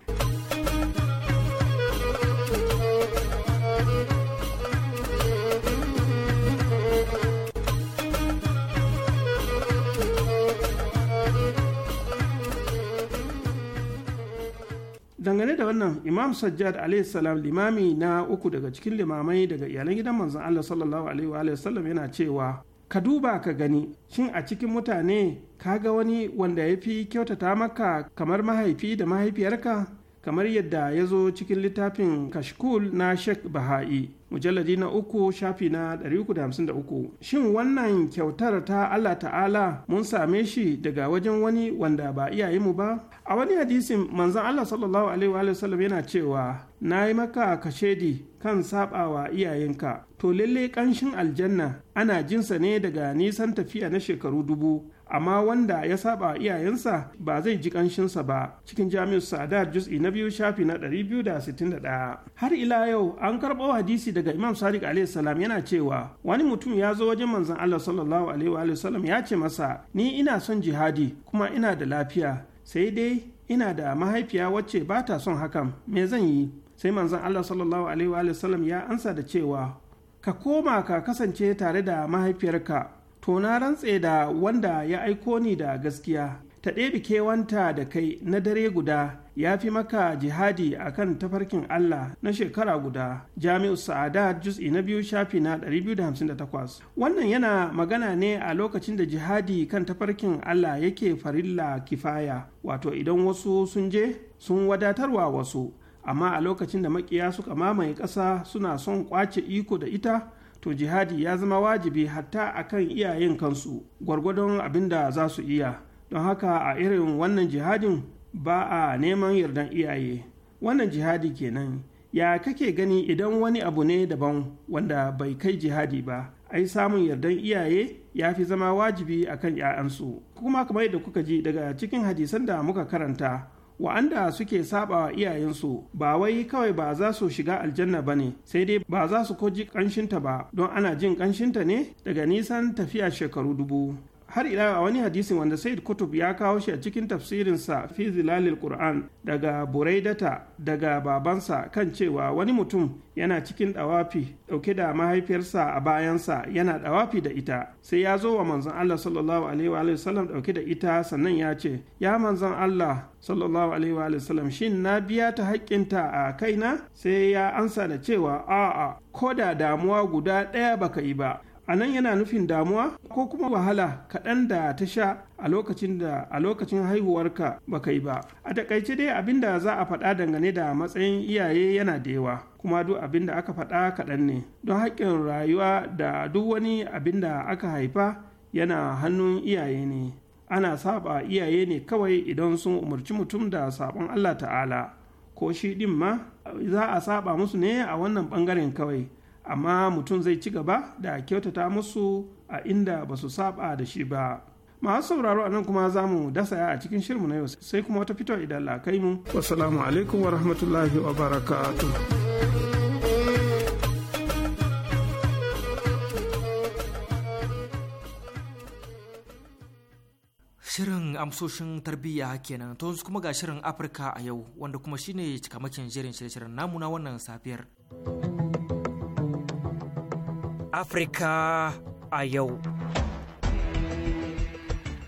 dangane da wannan imam sajjad salam limami na uku daga cikin limamai daga iyalan gidan manzon allah sallallahu alaihi wa sallam yana cewa ka duba ka gani shin a cikin mutane ka ga wani wanda ya fi kyautata maka kamar mahaifi da mahaifiyarka kamar yadda ya zo cikin littafin kashkul na sheikh baha'i mujalladi na uku shafi na 353 shin wannan kyautar ta Allah ta'ala mun same shi daga wajen wani wanda ba iyayenmu ba a wani hadisin manzon Allah sallallahu alaihi wa yana cewa na yi maka kashedi kan sabawa iyayenka to lalle kanshin aljanna ana jinsa ne daga nisan tafiya na shekaru dubu amma wanda ya saba iyayensa ba zai ji kanshinsa ba cikin jami'ar sadar jus'i na biyu shafi na 261 har ila yau an karɓo hadisi daga imam sadiq alaihi salam yana cewa wani mutum ya zo wajen manzon allah sallallahu alaihi wa ya ce masa ni ina son jihadi kuma ina da lafiya sai dai ina da mahaifiya wacce ba ta son hakan me zan yi sai manzon allah sallallahu alaihi wa ya ansa da cewa ka koma ka kasance tare da mahaifiyarka to na rantse da wanda ya aiko ni da gaskiya ta ɗebi kewanta da kai na dare guda ya fi maka jihadi a kan tafarkin Allah na shekara guda jami'u sa'adat jus'i na biyu shafi na 258 wannan yana magana ne a lokacin da jihadi kan tafarkin Allah yake farilla kifaya wato idan wasu sun je sun wadatarwa wasu amma a lokacin da makiya suka mamaye ƙasa suna son kwace iko da ita to jihadi ya zama wajibi hatta akan iyayen kansu gwargwadon abin da za su iya don haka a irin wannan jihadin ba a neman yardan iyaye wannan jihadi kenan ya kake gani idan wani abu ne daban wanda bai kai jihadi ba ai samun yardan iyaye ya fi zama wajibi akan 'ya'yansu kuma kamar yadda kuka ji daga cikin hadisan da muka karanta wa'anda suke saba wa iyayensu ba wai kawai ba za su shiga aljanna ba ne sai dai ba za su ko ji ba don ana jin ƙanshinta ne daga nisan tafiya shekaru dubu har ila a wani hadisin wanda said kutub ya kawo shi a cikin tafsirinsa fi zilalil qur'an daga buraidata daga babansa kan cewa wani mutum yana cikin dawafi dauke da mahaifiyarsa a bayansa yana dawafi da ita sai ya zo wa manzon Allah sallallahu alaihi wa sallam dauke da ita sannan ya ce ya manzon Allah sallallahu alaihi wa sallam shin na biya ta haƙƙinta a kaina sai ya ansa da cewa a'a ko da damuwa guda ɗaya baka yi ba a nan yana nufin damuwa ko kuma wahala kaɗan da ta sha a lokacin da a lokacin haihuwarka ba kai ba a takaice dai abin da za a faɗa dangane da matsayin iyaye yana da yawa kuma duk abin da aka faɗa kaɗan ne don haƙƙin rayuwa da duk wani abin da aka haifa yana hannun iyaye ne ana saba iyaye ne kawai idan sun umarci mutum da sabon allah ta'ala ko shi ɗin ma za a saba musu ne a wannan ɓangaren kawai amma mutum zai ci gaba da kyautata musu a inda ba su saba da shi ba masu sauraro a nan kuma za mu dasa a cikin shirmu na yau sai kuma wata fito idan la kai mu wasalamu alaikum wa rahmatullahi wa barakatuh Shirin amsoshin tarbiyya kenan to kuma ga shirin Afirka a yau wanda kuma shine cikamakin jerin shirye-shiryen namu na wannan safiyar. Afirka a yau.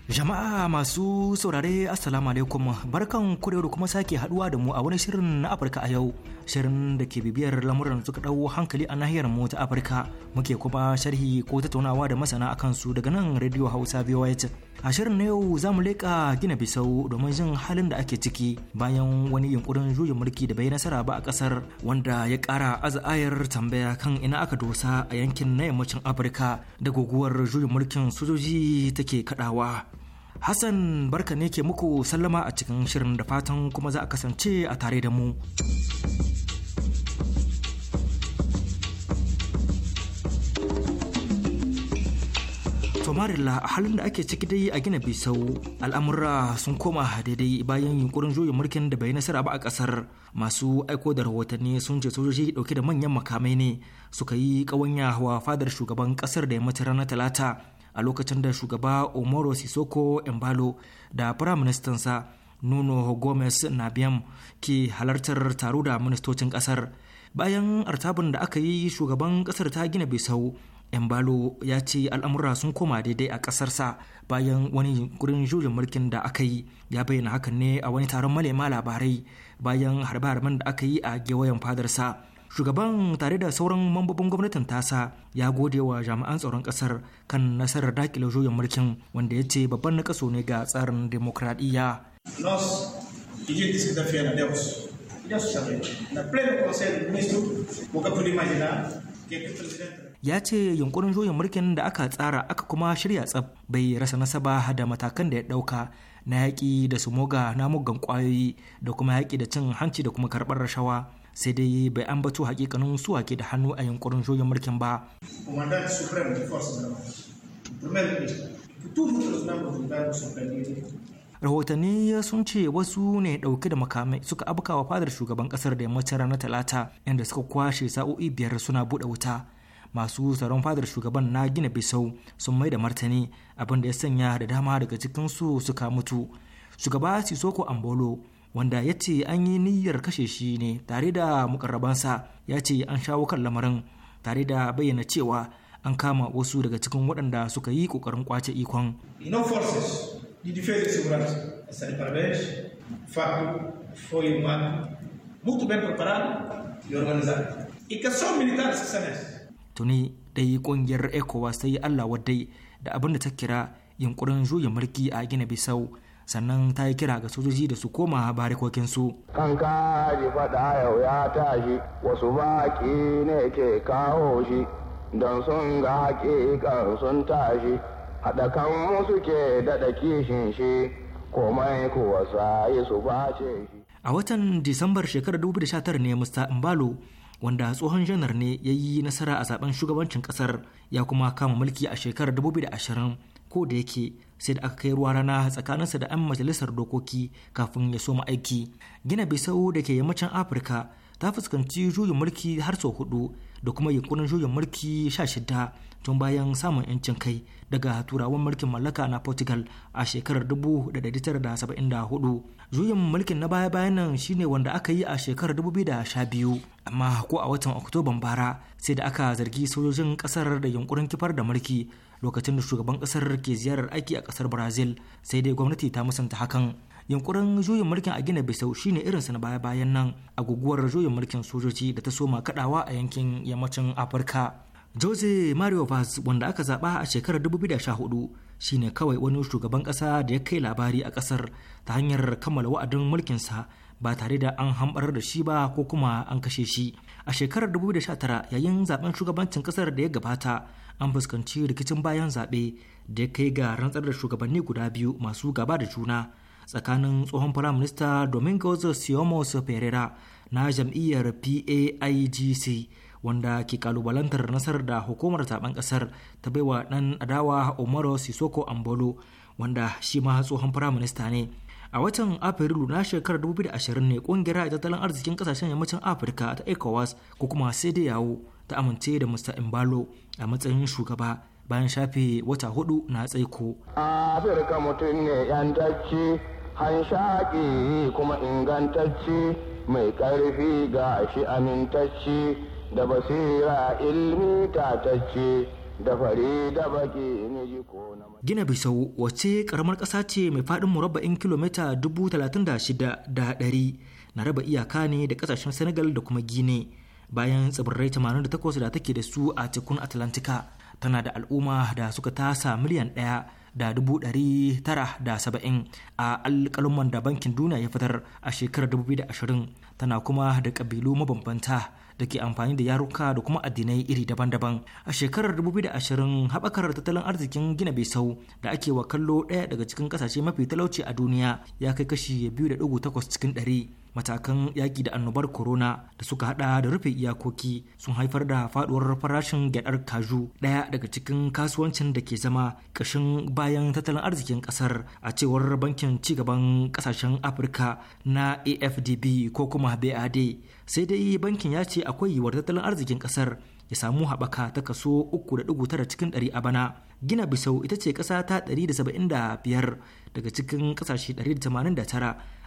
Jama'a masu saurare Assalamu alaikum barkan ku da kuma sake haduwa da mu a wani shirin na Afirka a yau shirin da ke bibiyar lamuran suka dau hankali a nahiyar mu ta Afirka muke kuma sharhi ko tattaunawa da masana akan su daga nan Radio Hausa VOH A shirin na yau za mu leƙa gina bisau domin jin halin da ake ciki bayan wani yunkurin juya mulki da bai nasara ba a ƙasar wanda ya ƙara aza'ayar tambaya kan ina aka dosa a yankin na yammacin Afirka da guguwar juya mulkin sojoji take kaɗawa. Hassan barka ne ke muku sallama a cikin shirin da fatan kuma za a kasance a tare da mu. somalila a halin da ake ciki dai a gina bisau al'amura sun koma daidai bayan yunkurin juyin mulkin da bai nasara ba a kasar masu aiko da rahotanni sun ce sojoji dauke da manyan makamai ne suka yi kawanya wa fadar shugaban kasar da ya mace ranar talata a lokacin da shugaba omoro sisoko embalo da firaministansa nuno gomez nabiam ke halartar taro da ministocin kasar bayan artabin da aka yi shugaban kasar ta gina bisau embalo ya ce al'amura sun koma daidai a ƙasarsa bayan wani gurin juyin mulkin da aka yi ya bayyana hakan ne a wani taron malema labarai bayan harbe-harben da aka yi a gewayen fadarsa shugaban tare da sauran mambobin gwamnatin tasa ya gode wa jami'an tsaron kasar kan nasarar dakile juyin mulkin wanda ya ce babban nakaso ne ga tsarin demokradiyya ya ce yunkurin juyin mulkin da aka tsara aka kuma shirya tsab bai rasa nasaba da matakan da ya ɗauka na yaƙi da su moga na mugan ƙwayoyi da kuma yaƙi da cin hanci da kuma karbar rashawa sai dai bai ambato hakikanin su ke da hannu a yunkurin juyin mulkin ba. rahotanni sun ce wasu ne dauke da makamai suka wa fadar shugaban kasar da yammacin ranar talata inda suka kwashe sa'o'i biyar suna buɗe wuta masu tsaron fadar shugaban na gina bisau sun mai da martani abinda ya sanya da dama daga cikin su suka mutu shugaba sisoko ambolo wanda ya ce an yi niyyar kashe shi ne tare da mukarrabansa ya ce an shawo kan lamarin tare da bayyana cewa an kama wasu daga cikin waɗanda suka yi ƙoƙarin kwace ikon. muito bem preparado e organizado. E que são militares que são tuni dai kungiyar ecowas ta yi allah wadai da abin da ta kira yunkurin juya mulki a gina bisau sannan ta yi kira ga sojoji da su koma barikokinsu. Kan kaji faɗa yau ya tashi wasu baki ne ke kawo shi don sun ga kan sun tashi haɗa kan musu ke daɗa kishin shi komai kuwa sa su bace shi. A watan Disambar shekarar 2019 ne Mr. Mbalo wanda tsohon janar ne ya yi nasara a zaben shugabancin kasar ya kuma kama mulki a shekarar 2020 ko da yake sai da aka kai ruwa rana tsakaninsa da 'yan majalisar dokoki kafin ya soma aiki gina bisau da ke yammacin afirka ta fuskanci juyin mulki har sau hudu da kuma yankunan juyin mulki sha shida tun bayan samun 'yancin kai daga turawan mulkin mallaka na portugal a shekarar 1974 juyin mulkin na baya-bayan nan shine wanda aka yi a shekarar 2012 amma ko a watan oktoban bara sai da aka zargi sojojin kasar da yunkurin kifar da mulki lokacin da shugaban kasar ke ziyarar aiki a kasar brazil sai dai gwamnati ta musanta hakan yunkurin juyin mulkin a gina bisau shine irinsa na baya-bayan nan a guguwar juyin mulkin sojoji da ta soma kadawa a yankin yammacin afirka jose mario vaz wanda aka zaba a shekarar 2014 shine kawai wani shugaban kasa da ya kai labari a kasar ta hanyar kammala wa'adin mulkinsa ba tare da an hambarar da shi ba ko kuma an kashe shi a shekarar 2019 yayin zaben shugabancin kasar da ya gabata an fuskanci rikicin bayan zaɓe da ya kai ga rantsar da shugabanni guda biyu masu gaba da juna tsakanin tsohon firaminista domingos siomos pereira na jam'iyyar paigc wanda ke kalubalantar nasarar da hukumar zaben kasar ta baiwa dan adawa omaro Sisoko Ambolo wanda shi ma tsohon firaminista ne. A watan Afrilu na shekarar 2020 ne kungiyar tattalin arzikin kasashen yammacin Afirka ta ECOWAS ko kuma sai yawo ta amince da Mr. Imbalo a matsayin shugaba bayan shafe wata hudu na tsaiko. Afirka mutum ne 'yan hanshaƙi kuma ingantacci mai ƙarfi ga shi amintacci da basira ilmi tatacce da fari da baki in ji ko na Gina Bisau wace karamar ƙasa ce mai faɗin murabba'in kilomita 36,100 na raba iyaka ne da ƙasashen Senegal da kuma Gine bayan tsibirai 88 da take da su a tekun Atlantika tana da al'umma da suka tasa miliyan ɗaya da dubu ɗari tara da saba'in a alƙalumman da bankin duniya ya fitar a shekarar 2020 tana kuma da ƙabilu mabambanta da ke amfani da yaruka da kuma addinai iri daban-daban a shekarar 2020 haɓakar tattalin arzikin gina bisau da ake wa kallo ɗaya daga cikin ƙasashe mafi talauci a duniya ya kai kashi 2.8 cikin ɗari. matakan yaƙi da annobar corona da suka hada da rufe iyakoki sun haifar da faduwar farashin gyadar kaju ɗaya daga cikin kasuwancin da ke zama ƙashin bayan tattalin arzikin ƙasar a cewar bankin cigaban ƙasashen afirka na afdb ko kuma bad sai dai bankin ya ce akwai yiwuwar tattalin arzikin ƙasar ya samu haɓaka ta kaso 3.9 cikin 100 a bana gina bisau ita ce ƙasa ta 175 daga cikin ƙasashe 189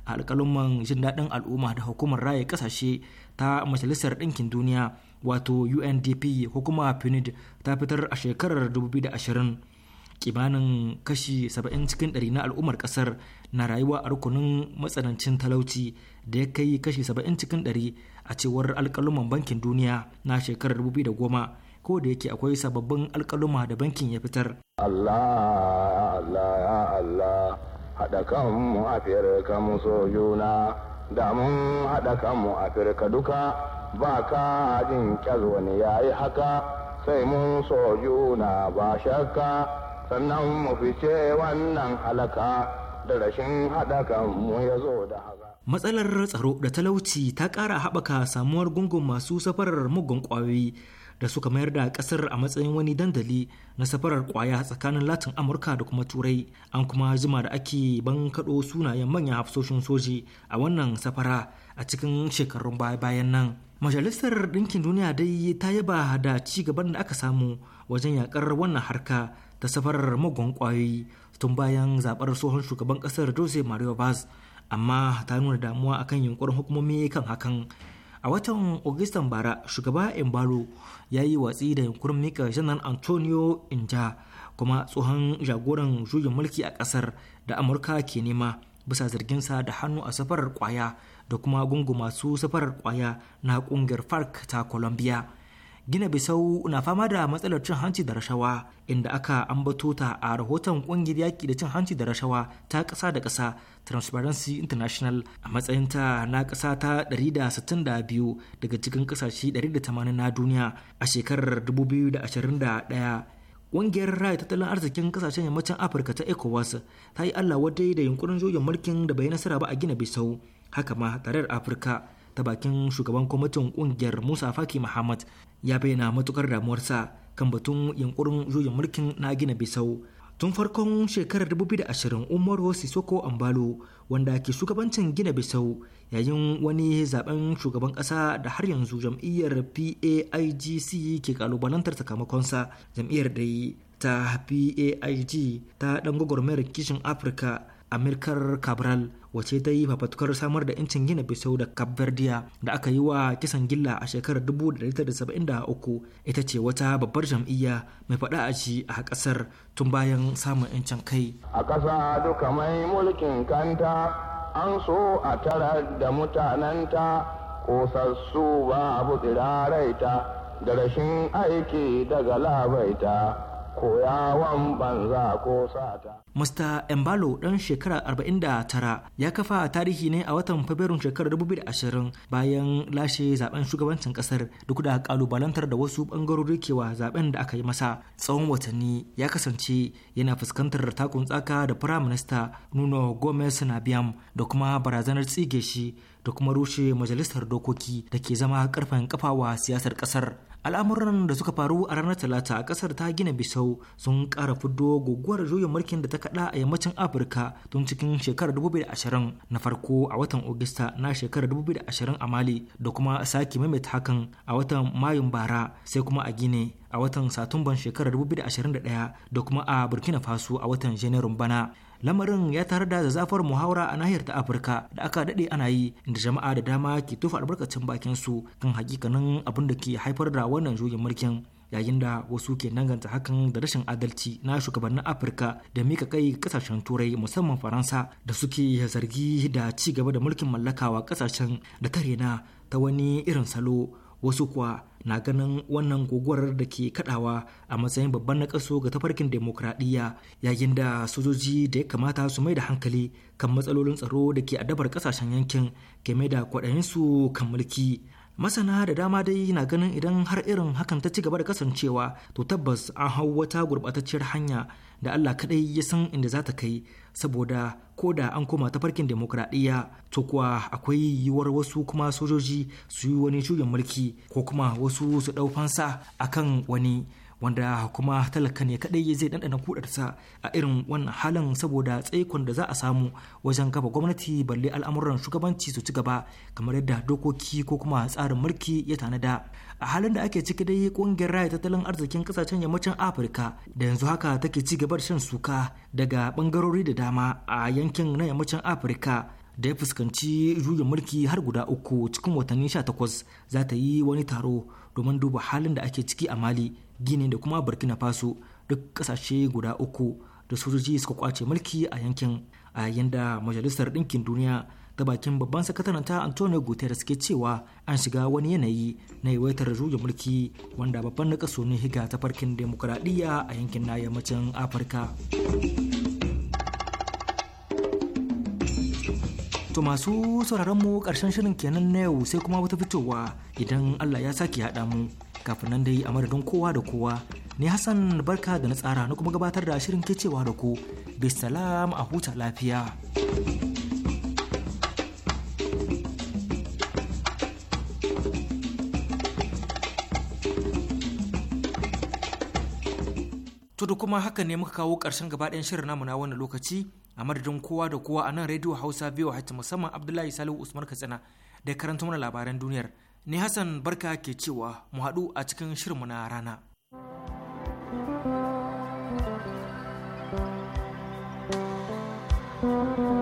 a alƙaluman jin daɗin al'umma da hukumar raya ƙasashe ta majalisar ɗinkin duniya wato undp hukuma kuma ta fitar a shekarar 2020 kimanin kashi 70 cikin 100 na al'ummar kasar na rayuwa a rukunin matsanancin talauci da ya kai kashi 70 cikin 100 a cewar alkaluman bankin duniya na shekarar 2010 ko da yake akwai sababbin alkaluma da bankin ya fitar Allah Allah Allah haɗa kanmu afirka mu so juna da mun haɗa kanmu afirka duka ba ka jin ƙyar wani ya yi haka sai mun so juna ba shakka sannan mu fice wannan halaka da rashin haɗa kanmu ya zo da haka. Matsalar tsaro da talauci ta ƙara haɓaka samuwar gungun masu safarar mugun ƙwayoyi da suka mayar da kasar a matsayin wani dandali na safarar kwaya tsakanin latin amurka da kuma turai an kuma jima da ake ban kaɗo sunayen manyan hafsoshin soji a wannan safara a cikin shekarun bayan nan majalisar ɗinkin duniya dai ta yaba da ci gaban da aka samu wajen yakar wannan harka ta safarar mugun kwayoyi tun bayan zaɓar tsohon shugaban ƙasar jose mario vaz amma ta nuna damuwa akan yunkurin hukumomi kan hakan a watan augustan bara shugaba embaro ya yi watsi da yunkurin mika janar antonio inja kuma tsohon jagoran juyin mulki a kasar da amurka ke nema bisa zarginsa da hannu a safarar kwaya da kuma gungu masu safarar kwaya na kungiyar farc ta colombia gina bisau na fama da matsalar cin hanci da rashawa inda aka ambato ta a rahoton ƙungiyar yaki da cin hanci da rashawa ta kasa da kasa transparency international a matsayin ta na kasa ta 162 daga cikin ƙasashe 180 na duniya a shekarar 2021 Ƙungiyar raya tattalin arzikin kasashen yammacin Afirka ta ECOWAS ta yi Allah wadai da yunkurin juyin mulkin da bai nasara ba a gina bisau haka ma tarayyar Afirka ta bakin shugaban kwamitin kungiyar musa faki muhammad ya bayyana matukar damuwarsa kan batun yunkurin juyin mulkin na gina bisau tun farkon shekarar 2020 umar sisoko ambalo wanda ke shugabancin gina bisau yayin wani zaben shugaban kasa da har yanzu jam'iyyar paigc ke kalubalantar sakamakonsa jam'iyyar da ta paig ta dan gwagwarmayar kishin afirka amirkar cabral wace ta yi fafatukar samar da incin gina bisau da verdea da aka yi wa kisan gilla a shekarar 1973 ita ce wata babbar jam'iyya mai faɗa a ji a ƙasar tun bayan samun 'yancin kai a ƙasa duka mai mulkin kanta an so a tara da mutanenta kosassu ba abu ta da rashin aiki daga labaita koyawan banza ko sata. Mr. Embalo ɗan shekara 49 ya kafa tarihi ne a watan Fabrairun shekarar 2020 bayan lashe zaben shugabancin kasar duk da kalubalantar da wasu ɓangarori kewa zaben da aka yi masa tsawon watanni ya kasance yana fuskantar takun tsaka da prime firaminista Nuno Gomez Nabiam da kuma barazanar tsige shi da kuma rushe majalisar dokoki da ke zama karfen kafawa siyasar kasar al'amuran da suka faru a ranar talata a kasar ta gina bisau sun kara fiddo guguwar juyin mulkin da ta kada a yammacin afirka tun cikin shekarar 2020 na farko a watan ogista na shekarar 2020 a mali da kuma sake maimaita hakan a watan mayun bara sai kuma a gine a watan satumban shekarar 2021 da kuma a burkina faso a watan janairun bana lamarin ya tarar da zafar muhawara a nahiyar ta afirka da aka dade ana yi inda jama'a da dama ke tofa albarkacin bakin su kan hakikanin abin da ke haifar da wannan jogin mulkin yayin da wasu ke danganta hakan da rashin adalci na shugabannin afirka da mika kai kasashen turai musamman faransa da suke zargi da ci gaba da mulkin mallakawa kasashen da tare na ta wani irin salo wasu kuwa na ganin wannan guguwar da ke kadawa a matsayin babban kaso ga tafarkin demokradiyya yayin da sojoji da ya kamata su mai da hankali kan matsalolin tsaro da ke adabar kasashen yankin game mai da su kan mulki masana da dama dai na ganin idan har irin hakan ta ci gaba da kasancewa to tabbas an hau wata gurɓatacciyar hanya da Allah kaɗai ya san inda za ta kai saboda ko da an koma ta farkin demokradiyya to kuwa akwai yiwuwar wasu kuma sojoji su yi wani juyin mulki ko kuma wasu su ɗau fansa akan wani wanda kuma talaka ne kadai zai ɗanɗana kudarsa a irin wannan halin saboda tsaikon da za a samu wajen kafa gwamnati balle al'amuran shugabanci su ci gaba kamar yadda dokoki ko kuma tsarin mulki ya tanada a halin da ake ciki dai kungiyar raya tattalin arzikin kasashen yammacin afirka da yanzu haka take ci gaba da shan suka daga bangarori da dama a yankin na yammacin afirka da ya fuskanci juyin mulki har guda uku cikin watanni 18 za ta yi wani taro domin duba halin da ake ciki a mali gini da kuma burkina faso duk kasashe guda uku da sojoji suka kwace mulki a yankin a yayin da majalisar ɗinkin duniya ta bakin babban sakataren ta antonio guterres ke cewa an shiga wani yanayi na yawaitar juya mulki wanda babban na kaso ne higa ta farkin demokuraɗiyya a yankin na yammacin afirka To masu sauraron mu karshen shirin kenan na yau sai kuma wata fitowa idan Allah ya sake haɗa mu kafin nan dai a madadin kowa da kowa ni Hassan barka da na tsara na kuma gabatar da shirin ke cewa da ku bisalam a huta lafiya. da kuma haka ne muka kawo ƙarshen gabaɗayan shirin namu na wannan lokaci a madadin kowa da kowa a nan rediyo hausa biyu hajji musamman abdullahi salihu usman katsina da karanta mana labaran duniyar ni hassan barka ke cewa mu haɗu a cikin shirinmu na rana thank you